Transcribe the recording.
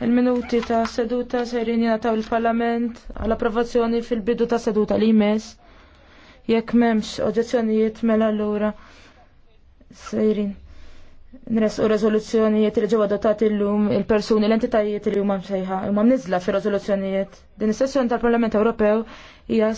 Il-minuti ta' seduta serin jataw il-Parlament għal approvazzjoni fil-bidu ta' seduta li jmess. Jekk memx oġezzjonijiet mela l-ura serin. Nresqu rezoluzzjonijiet li ġew adottati lum il-persuni l-entitajiet li huma msejħa huma mniżla fir-rezoluzzjonijiet. Din is-sessjoni tal-Parlament Ewropew hija